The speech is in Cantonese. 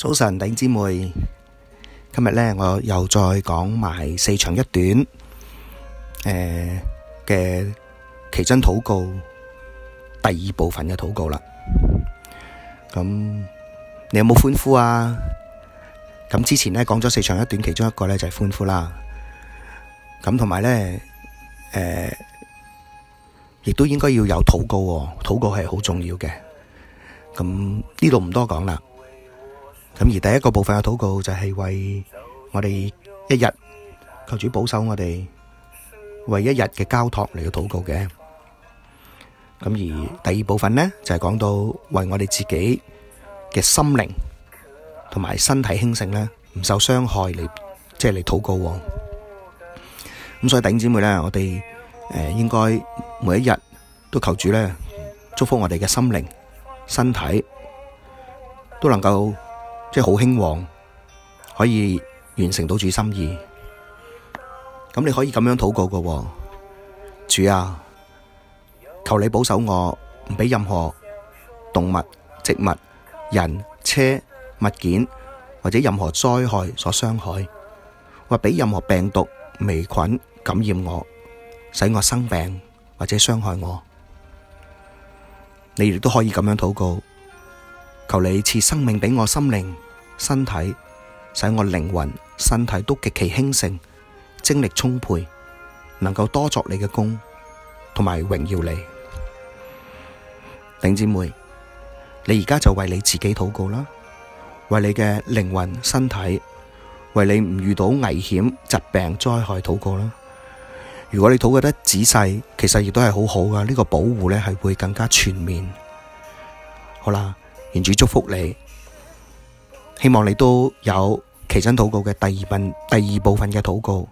早晨，弟兄姊妹，今日咧我又再講埋四長一短，誒嘅奇珍禱告第二部分嘅禱告啦。咁你有冇歡呼啊？咁之前咧講咗四長一短，其中一個咧就係歡呼啦。咁同埋咧，誒亦都應該要有禱告喎，禱告係好重要嘅。咁呢度唔多講啦。咁而第一個部分嘅禱告就係為我哋一日求主保守我哋為一日嘅交託嚟，去禱告嘅。咁而第二部分呢就係講到為我哋自己嘅心靈同埋身體興盛呢，唔受傷害嚟，即係嚟禱告。咁所以弟兄姊妹呢，我哋誒應該每一日都求主呢祝福我哋嘅心靈、身體都能夠。即係好興旺，可以完成到主心意。咁你可以咁樣禱告噶喎，主啊，求你保守我，唔俾任何動物、植物、人、車、物件或者任何災害所傷害，或俾任何病毒、微菌感染我，使我生病或者傷害我。你亦都可以咁樣禱告，求你賜生命畀我心靈，身體，使我靈魂、身體都極其興盛，精力充沛，能夠多作你嘅工，同埋榮耀你。弟兄姊妹，你而家就為你自己禱告啦，為你嘅靈魂、身體，為你唔遇到危險、疾病、災害禱告啦。如果你禱告得仔細，其實亦都係好好嘅，呢個保護呢係會更加全面。好啦，願主祝福你。希望你都有奇珍禱告嘅第二份、第二部分嘅禱告。